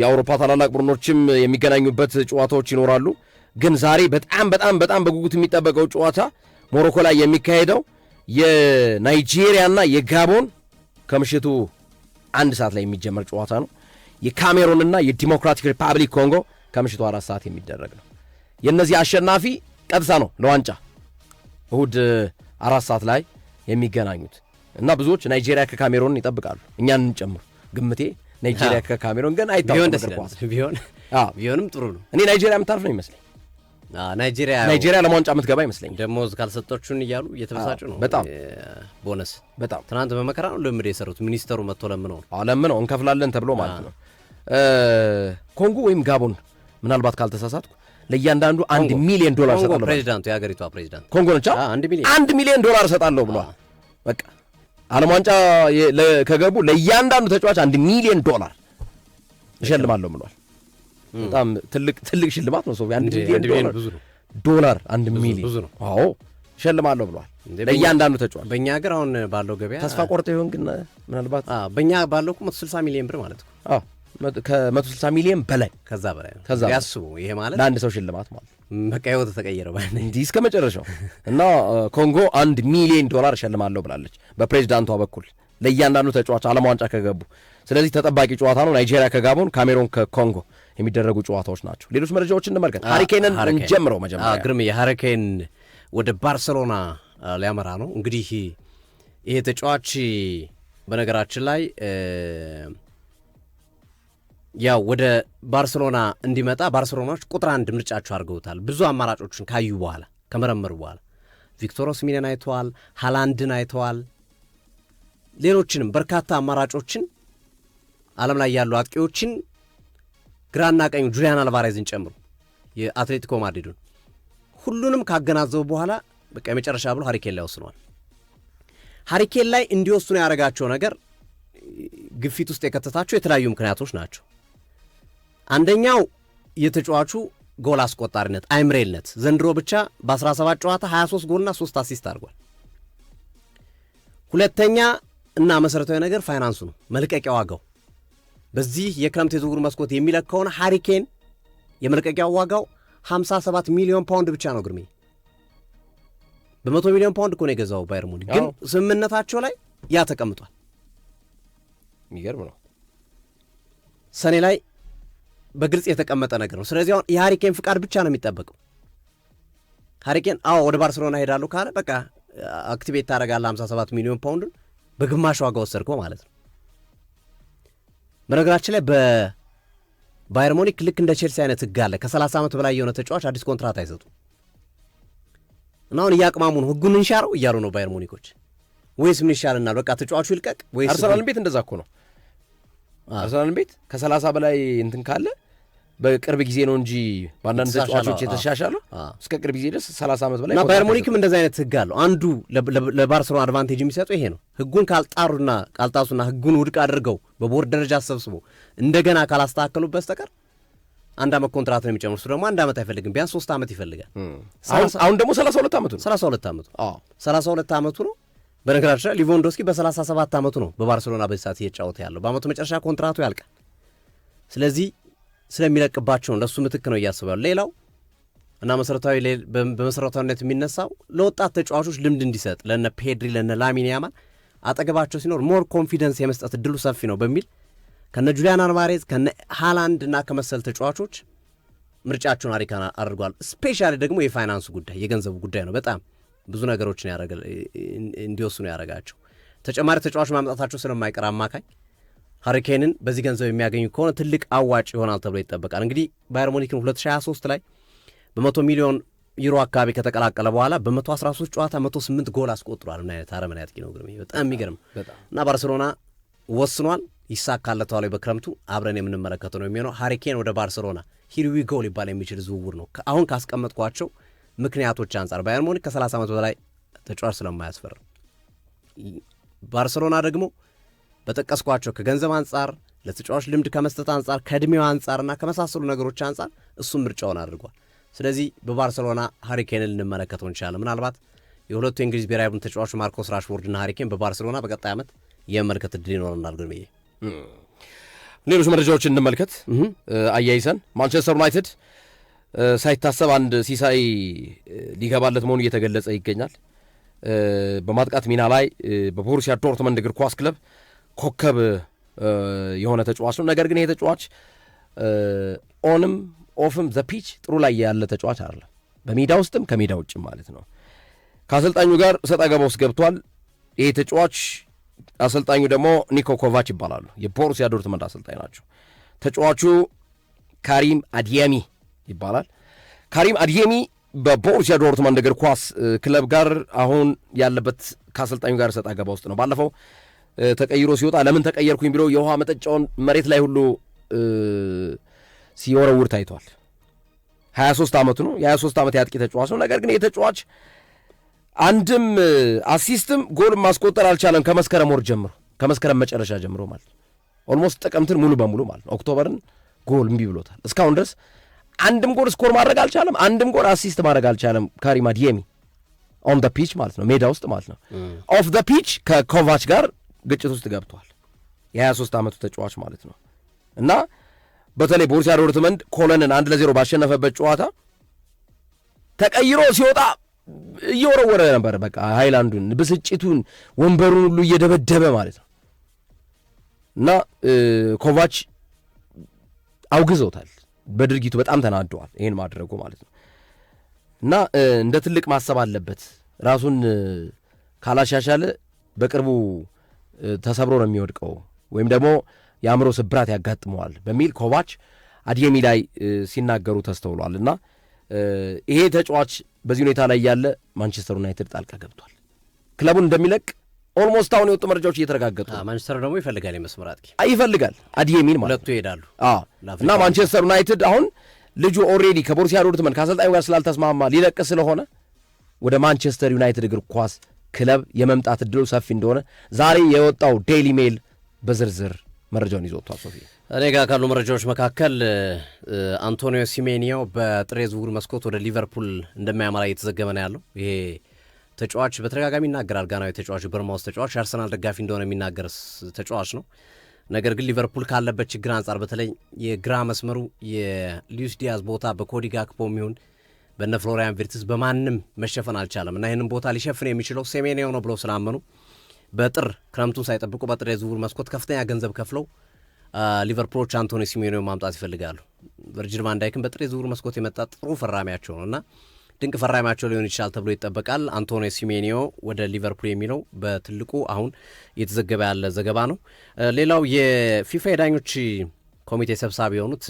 የአውሮፓ ታላላቅ ቡድኖችም የሚገናኙበት ጨዋታዎች ይኖራሉ። ግን ዛሬ በጣም በጣም በጣም በጉጉት የሚጠበቀው ጨዋታ ሞሮኮ ላይ የሚካሄደው የናይጄሪያና የጋቦን ከምሽቱ አንድ ሰዓት ላይ የሚጀመር ጨዋታ ነው። የካሜሩንና የዲሞክራቲክ ሪፐብሊክ ኮንጎ ከምሽቱ አራት ሰዓት የሚደረግ ነው። የእነዚህ አሸናፊ ቀጥታ ነው ለዋንጫ እሁድ አራት ሰዓት ላይ የሚገናኙት እና ብዙዎች ናይጄሪያ ከካሜሩን ይጠብቃሉ እኛን ጨምሮ ግምቴ ናይጄሪያ ከካሜሮን ግን አይታወቅም። ቢሆንም ጥሩ ነው። እኔ ናይጄሪያ የምታርፍ ነው ይመስለኝ። ናይጄሪያ ናይጄሪያ ለማንጫ የምትገባ ይመስለኝ። ደሞዝ ካልሰጠችን እያሉ እየተበሳጩ ነው። በጣም ቦነስ በጣም ትናንት በመከራ ነው ልምድ የሰሩት። ሚኒስተሩ መጥቶ ለምነው ለምነው እንከፍላለን ተብሎ ማለት ነው። ኮንጎ ወይም ጋቦን ምናልባት ካልተሳሳትኩ ለእያንዳንዱ አንድ ሚሊዮን ዶላር ሰጣለሁ። ፕሬዚዳንቱ የሀገሪቷ ፕሬዚዳንት ኮንጎ ነቻ አንድ ሚሊዮን ዶላር ሰጣለሁ ብሏል። በቃ ዓለም ዋንጫ ከገቡ ለእያንዳንዱ ተጫዋች አንድ ሚሊዮን ዶላር እሸልማለሁ ብሏል። በጣም ትልቅ ትልቅ ሽልማት ነው። ሰው አንድ ሚሊዮን ዶላር አንድ ሚሊዮን አዎ እሸልማለሁ ብሏል ለእያንዳንዱ ተጫዋች። በእኛ ሀገር አሁን ባለው ገበያ ተስፋ ቆርጦ ይሆን ግን ምናልባት በእኛ ባለው ቁመት 60 ሚሊዮን ብር ማለት ነው። ከ160 ሚሊዮን በላይ ከዛ በላይ ከዛ ያስቡ። ይሄ ማለት ለአንድ ሰው ሽልማት ማለት በቃ ህይወት ተቀየረ ማለት እንዲህ እስከ መጨረሻው እና ኮንጎ አንድ ሚሊዮን ዶላር እሸልማለሁ ብላለች በፕሬዚዳንቷ በኩል ለእያንዳንዱ ተጫዋች ዓለም ዋንጫ ከገቡ። ስለዚህ ተጠባቂ ጨዋታ ነው። ናይጄሪያ ከጋቦን፣ ካሜሮን ከኮንጎ የሚደረጉ ጨዋታዎች ናቸው። ሌሎች መረጃዎች እንመልከት። ሃሪኬንን እንጀምረው። መጀመሪያ ግርም የሃሪኬን ወደ ባርሴሎና ሊያመራ ነው እንግዲህ ይሄ ተጫዋች በነገራችን ላይ ያው ወደ ባርሴሎና እንዲመጣ ባርሴሎናዎች ቁጥር አንድ ምርጫቸው አድርገውታል። ብዙ አማራጮችን ካዩ በኋላ ከመረመሩ በኋላ ቪክቶር ኦስሚንን አይተዋል፣ ሃላንድን አይተዋል፣ ሌሎችንም በርካታ አማራጮችን ዓለም ላይ ያሉ አጥቂዎችን ግራና ቀኙ ጁሊያን አልቫሬዝን ጨምሮ የአትሌቲኮ ማድሪዱን ሁሉንም ካገናዘቡ በኋላ በቃ የመጨረሻ ብሎ ሀሪኬን ላይ ወስኗል። ሀሪኬን ላይ እንዲወስኑ ያደረጋቸው ነገር ግፊት ውስጥ የከተታቸው የተለያዩ ምክንያቶች ናቸው። አንደኛው የተጫዋቹ ጎል አስቆጣሪነት አይምሬልነት ዘንድሮ ብቻ በ17 ጨዋታ 23 ጎልና 3 አሲስት አድርጓል። ሁለተኛ እና መሰረታዊ ነገር ፋይናንሱ ነው፣ መልቀቂያ ዋጋው በዚህ የክረምት የዝውውር መስኮት ከሆነ ሃሪኬን የመልቀቂያ ዋጋው 57 ሚሊዮን ፓውንድ ብቻ ነው። ግርሜ በመቶ ሚሊዮን ፓውንድ እኮ ነው የገዛው ባየር ሙኒክ፣ ግን ስምምነታቸው ላይ ያ ተቀምጧል። የሚገርም ነው። ሰኔ ላይ በግልጽ የተቀመጠ ነገር ነው። ስለዚህ አሁን የሀሪኬን ፍቃድ ብቻ ነው የሚጠበቀው። ሀሪኬን አዎ ወደ ባርሴሎና ሄዳሉ ካለ በቃ አክቲቤት ታደርጋለህ 57 ሚሊዮን ፓውንድን በግማሽ ዋጋ ወሰድከው ማለት ነው። በነገራችን ላይ በባየር ሙኒክ ልክ እንደ ቼልሲ አይነት ህግ አለ። ከ30 ዓመት በላይ የሆነ ተጫዋች አዲስ ኮንትራት አይሰጡ እና አሁን እያቅማሙ ነው፣ ህጉን እንሻረው እያሉ ነው ባየር ሙኒኮች። ወይስ ምን ይሻልናል? በቃ ተጫዋቹ ይልቀቅ። ወይስ አርሰናልን ቤት እንደዛ እኮ ነው። አርሰናልን ቤት ከ30 በላይ እንትን ካለ በቅርብ ጊዜ ነው እንጂ በአንዳንድ ተጫዋቾች የተሻሻሉ እስከ ቅርብ ጊዜ ድረስ 30 ዓመት በላይ ባየር ሙኒክም እንደዚህ አይነት ህግ አለው። አንዱ ለባርሰሎና አድቫንቴጅ የሚሰጠው ይሄ ነው። ህጉን ካልጣሩና ካልጣሱና ህጉን ውድቅ አድርገው በቦርድ ደረጃ አሰብስቦ እንደገና ካላስተካከሉ በስተቀር አንድ አመት ኮንትራት ነው የሚጨምሩት። ደግሞ አንድ አመት አይፈልግም፣ ቢያንስ ሶስት አመት ይፈልጋል። አሁን ደግሞ 32 አመቱ ነው። 32 ዓመቱ 32 አመቱ ነው። በነገራችን ላይ ሊቫንዶስኪ በ37 ዓመቱ ነው በባርሴሎና በዚህ ሰዓት እየተጫወተ ያለው። በአመቱ መጨረሻ ኮንትራቱ ያልቃል። ስለዚህ ስለሚለቅባቸው ለእሱ ምትክ ነው እያስባሉ። ሌላው እና መሰረታዊ በመሰረታዊነት የሚነሳው ለወጣት ተጫዋቾች ልምድ እንዲሰጥ ለነ ፔድሪ ለነ ላሚን ያማል አጠገባቸው ሲኖር ሞር ኮንፊደንስ የመስጠት እድሉ ሰፊ ነው በሚል ከነ ጁሊያን አልቫሬዝ ከነ ሃላንድ እና ከመሰል ተጫዋቾች ምርጫቸውን አሪካና አድርጓል። ስፔሻሊ ደግሞ የፋይናንስ ጉዳይ የገንዘቡ ጉዳይ ነው። በጣም ብዙ ነገሮችን እንዲወስኑ ያደረጋቸው ተጨማሪ ተጫዋች ማምጣታቸው ስለማይቀር አማካኝ ሀሪኬንን በዚህ ገንዘብ የሚያገኙ ከሆነ ትልቅ አዋጭ ይሆናል ተብሎ ይጠበቃል። እንግዲህ ባየር ሙኒክን 2023 ላይ በመቶ ሚሊዮን ዩሮ አካባቢ ከተቀላቀለ በኋላ በ113 ጨዋታ 108 ጎል አስቆጥሯል። ምን አይነት አረመን ያጥቂ ነው! ግርም በጣም የሚገርም እና ባርሴሎና ወስኗል። ይሳካለተዋል በክረምቱ አብረን የምንመለከተው ነው የሚሆነው። ሀሪኬን ወደ ባርሴሎና ሂሪዊ ጎል ሊባል የሚችል ዝውውር ነው። አሁን ካስቀመጥኳቸው ምክንያቶች አንጻር ባየር ሙኒክ ከ30 ዓመት በላይ ተጫዋች ስለማያስፈርም፣ ባርሴሎና ደግሞ በጠቀስኳቸው ከገንዘብ አንጻር ለተጫዋች ልምድ ከመስጠት አንጻር ከእድሜው አንጻርና ከመሳሰሉ ነገሮች አንጻር እሱም ምርጫውን አድርጓል። ስለዚህ በባርሰሎና ሀሪኬንን ልንመለከተው እንችላለን። ምናልባት የሁለቱ የእንግሊዝ ብሔራዊ ቡድን ተጫዋቹ ማርኮስ ራሽፎርድና ሀሪኬን በባርሰሎና በቀጣይ ዓመት የመመልከት እድል ይኖረናል። ግን ብዬ ሌሎች መረጃዎችን እንመልከት አያይዘን ማንቸስተር ዩናይትድ ሳይታሰብ አንድ ሲሳይ ሊገባለት መሆኑ እየተገለጸ ይገኛል። በማጥቃት ሚና ላይ በቦሩሲያ ዶርትመንድ እግር ኳስ ክለብ ኮከብ የሆነ ተጫዋች ነው። ነገር ግን ይሄ ተጫዋች ኦንም ኦፍም ዘፒች ጥሩ ላይ ያለ ተጫዋች አይደለም። በሜዳ ውስጥም ከሜዳ ውጭም ማለት ነው። ከአሰልጣኙ ጋር ሰጥ አገባ ውስጥ ገብቷል ይሄ ተጫዋች። አሰልጣኙ ደግሞ ኒኮ ኮቫች ይባላሉ። የቦሩሲያ ዶርትመንድ አሰልጣኝ ናቸው። ተጫዋቹ ካሪም አድያሚ ይባላል። ካሪም አዲየሚ በቦሩሲያ ዶርትመንድ እግር ኳስ ክለብ ጋር አሁን ያለበት ከአሰልጣኙ ጋር ሰጣ አገባ ውስጥ ነው ባለፈው ተቀይሮ ሲወጣ ለምን ተቀየርኩኝ ብሎ የውሃ መጠጫውን መሬት ላይ ሁሉ ሲወረውር ታይቷል። 23 ዓመቱ ነው። የ23 ዓመት የአጥቂ ተጫዋች ነው። ነገር ግን የተጫዋች ተጫዋች አንድም አሲስትም ጎል ማስቆጠር አልቻለም። ከመስከረም ወር ጀምሮ ከመስከረም መጨረሻ ጀምሮ ማለት ኦልሞስት ጥቅምትን ሙሉ በሙሉ ማለት ኦክቶበርን ጎል እምቢ ብሎታል። እስካሁን ድረስ አንድም ጎል ስኮር ማድረግ አልቻለም። አንድም ጎል አሲስት ማድረግ አልቻለም። ካሪም አዲየሚ ኦን ፒች ማለት ነው ሜዳ ውስጥ ማለት ነው። ኦፍ ፒች ከኮቫች ጋር ግጭት ውስጥ ገብቷል። የ23 ዓመቱ ተጫዋች ማለት ነው እና በተለይ ቦሩሲያ ዶርትመንድ ኮለንን አንድ ለዜሮ ባሸነፈበት ጨዋታ ተቀይሮ ሲወጣ እየወረወረ ነበር። በቃ ሃይላንዱን፣ ብስጭቱን፣ ወንበሩን ሁሉ እየደበደበ ማለት ነው እና ኮቫች አውግዘውታል። በድርጊቱ በጣም ተናደዋል፣ ይህን ማድረጉ ማለት ነው እና እንደ ትልቅ ማሰብ አለበት ራሱን ካላሻሻለ በቅርቡ ተሰብሮ ነው የሚወድቀው ወይም ደግሞ የአእምሮ ስብራት ያጋጥመዋል በሚል ኮቫች አድየሚ ላይ ሲናገሩ ተስተውሏል። እና ይሄ ተጫዋች በዚህ ሁኔታ ላይ ያለ ማንቸስተር ዩናይትድ ጣልቃ ገብቷል። ክለቡን እንደሚለቅ ኦልሞስት አሁን የወጡ መረጃዎች እየተረጋገጡ ማንቸስተር ደግሞ ይፈልጋል የመስመር አጥቂ ይፈልጋል። አድየሚን ማለት ሁለቱ ይሄዳሉ እና ማንቸስተር ዩናይትድ አሁን ልጁ ኦሬዲ ከቦሩሲያ ዶርትመንድ ከአሰልጣኙ ጋር ስላልተስማማ ሊለቅ ስለሆነ ወደ ማንቸስተር ዩናይትድ እግር ኳስ ክለብ የመምጣት እድሉ ሰፊ እንደሆነ ዛሬ የወጣው ዴይሊ ሜል በዝርዝር መረጃውን ይዞቷል። ሶፊ እኔ ጋር ካሉ መረጃዎች መካከል አንቶኒዮ ሲሜኒዮ በጥሬ ዝውውር መስኮት ወደ ሊቨርፑል እንደማያመራ እየተዘገበ ነው ያለው። ይሄ ተጫዋች በተደጋጋሚ ይናገራል። ጋናዊ ተጫዋች፣ በርማውስ ተጫዋች፣ የአርሰናል ደጋፊ እንደሆነ የሚናገር ተጫዋች ነው። ነገር ግን ሊቨርፑል ካለበት ችግር አንጻር በተለይ የግራ መስመሩ የሉዊስ ዲያዝ ቦታ በኮዲ ጋክፖ የሚሆን በነ ፍሎሪያን ቪርትስ በማንም መሸፈን አልቻለም እና ይህንን ቦታ ሊሸፍን የሚችለው ሴሜንዮ ነው ብለው ስላመኑ በጥር ክረምቱን ሳይጠብቁ በጥር የዝውውር መስኮት ከፍተኛ ገንዘብ ከፍለው ሊቨርፑሎች አንቶኒ ሲሜንዮ ማምጣት ይፈልጋሉ። ቨርጅል ቫንዳይክን በጥር የዝውውር መስኮት የመጣ ጥሩ ፈራሚያቸው ነው እና ድንቅ ፈራሚያቸው ሊሆን ይችላል ተብሎ ይጠበቃል። አንቶኒ ሲሜኒዮ ወደ ሊቨርፑል የሚለው በትልቁ አሁን እየተዘገበ ያለ ዘገባ ነው። ሌላው የፊፋ የዳኞች ኮሚቴ ሰብሳቢ የሆኑት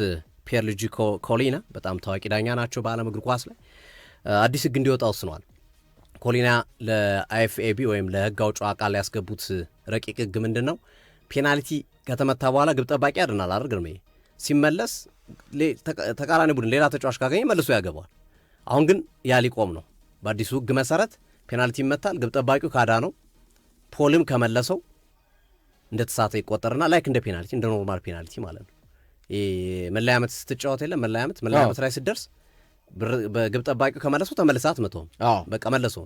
ፒየር ልጂ ኮሊና በጣም ታዋቂ ዳኛ ናቸው በዓለም እግር ኳስ ላይ። አዲስ ህግ እንዲወጣ ወስነዋል። ኮሊና ለአይኤፍኤቢ ወይም ለህግ አውጭ አካል ያስገቡት ረቂቅ ህግ ምንድን ነው? ፔናልቲ ከተመታ በኋላ ግብ ጠባቂ ያድናል አይደል? ግርሜ ሲመለስ ተቃራኒ ቡድን ሌላ ተጫዋች ካገኘ መልሶ ያገባዋል። አሁን ግን ያ ሊቆም ነው። በአዲሱ ህግ መሰረት ፔናልቲ ይመታል። ግብ ጠባቂው ካዳ ነው ፖልም ከመለሰው እንደተሳተ ይቆጠርና ላይክ እንደ ፔናልቲ እንደ ኖርማል ፔናልቲ ማለት ነው መለያ ዓመት ስትጫወት የለ መለያ ዓመት መለያ ዓመት ላይ ስትደርስ በግብ ጠባቂው ከመለሱ ተመልሰህ አትመታውም። በቃ መለሱ።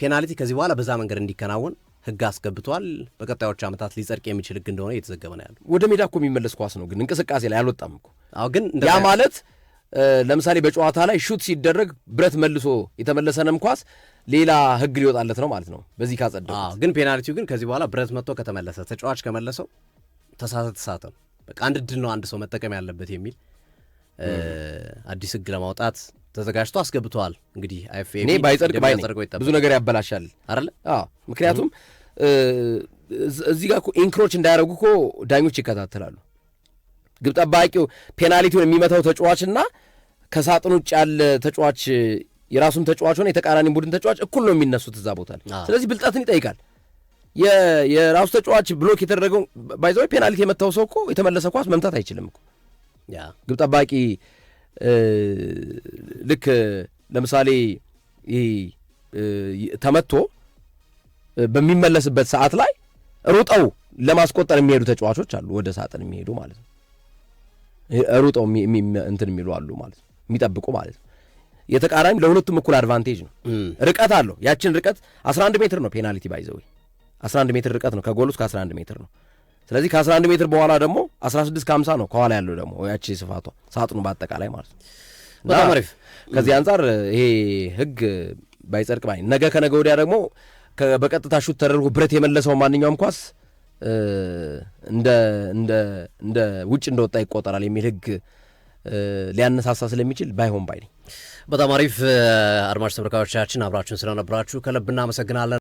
ፔናልቲ ከዚህ በኋላ በዛ መንገድ እንዲከናወን ህግ አስገብቷል። በቀጣዮቹ ዓመታት ሊጸድቅ የሚችል ህግ እንደሆነ እየተዘገበ ነው ያለው። ወደ ሜዳ እኮ የሚመለስ ኳስ ነው፣ ግን እንቅስቃሴ ላይ አልወጣም እኮ። አዎ፣ ግን ያ ማለት ለምሳሌ በጨዋታ ላይ ሹት ሲደረግ ብረት መልሶ የተመለሰንም ኳስ ሌላ ህግ ሊወጣለት ነው ማለት ነው። በዚህ ካጸደ ግን ፔናልቲው ግን ከዚህ በኋላ ብረት መጥቶ ከተመለሰ ተጫዋች ከመለሰው ተሳተ ተሳተ ነው በቃ አንድ እድል ነው አንድ ሰው መጠቀም ያለበት የሚል አዲስ ህግ ለማውጣት ተዘጋጅቶ አስገብተዋል። እንግዲህ እኔ ባይጸድቅ ባይ ብዙ ነገር ያበላሻል አለ። ምክንያቱም እዚህ ጋር ኢንክሮች እንዳያደርጉ እኮ ዳኞች ይከታተላሉ። ግብ ጠባቂው ፔናሊቲውን የሚመታው ተጫዋች ከሳጥን ውጭ ያለ ተጫዋች የራሱም ተጫዋች ሆነ የተቃራኒ ቡድን ተጫዋች እኩል ነው የሚነሱት እዛ ቦታ ስለዚህ ብልጠትን ይጠይቃል። የራሱ ተጫዋች ብሎክ የተደረገው ባይዘ ፔናልቲ የመታው ሰው እኮ የተመለሰ ኳስ መምታት አይችልም እኮ ግብ ጠባቂ ልክ ለምሳሌ ተመቶ በሚመለስበት ሰዓት ላይ ሩጠው ለማስቆጠር የሚሄዱ ተጫዋቾች አሉ። ወደ ሳጥን የሚሄዱ ማለት ነው። ሩጠው እንትን የሚሉ አሉ ማለት ነው፣ የሚጠብቁ ማለት ነው። የተቃራኒ ለሁለቱም እኩል አድቫንቴጅ ነው፣ ርቀት አለው። ያችን ርቀት 11 ሜትር ነው ፔናልቲ ባይዘወይ 11 ሜትር ርቀት ነው ከጎል ውስጥ ከ11 ሜትር ነው። ስለዚህ ከ11 ሜትር በኋላ ደግሞ 16 50 ነው ከኋላ ያለው ደግሞ ያቺ ስፋቷ ሳጥኑ በአጠቃላይ ማለት ነው። በጣም አሪፍ። ከዚህ አንጻር ይሄ ህግ ባይጸድቅ ባይ ነገ ከነገ ወዲያ ደግሞ በቀጥታ ሹት ተደርጎ ብረት የመለሰው ማንኛውም ኳስ እንደ ውጭ እንደወጣ ይቆጠራል የሚል ህግ ሊያነሳሳ ስለሚችል ባይሆን ባይ ነኝ። በጣም አሪፍ። አድማጭ ተመልካቾቻችን አብራችሁን ስለነበራችሁ ከልብ እናመሰግናለን።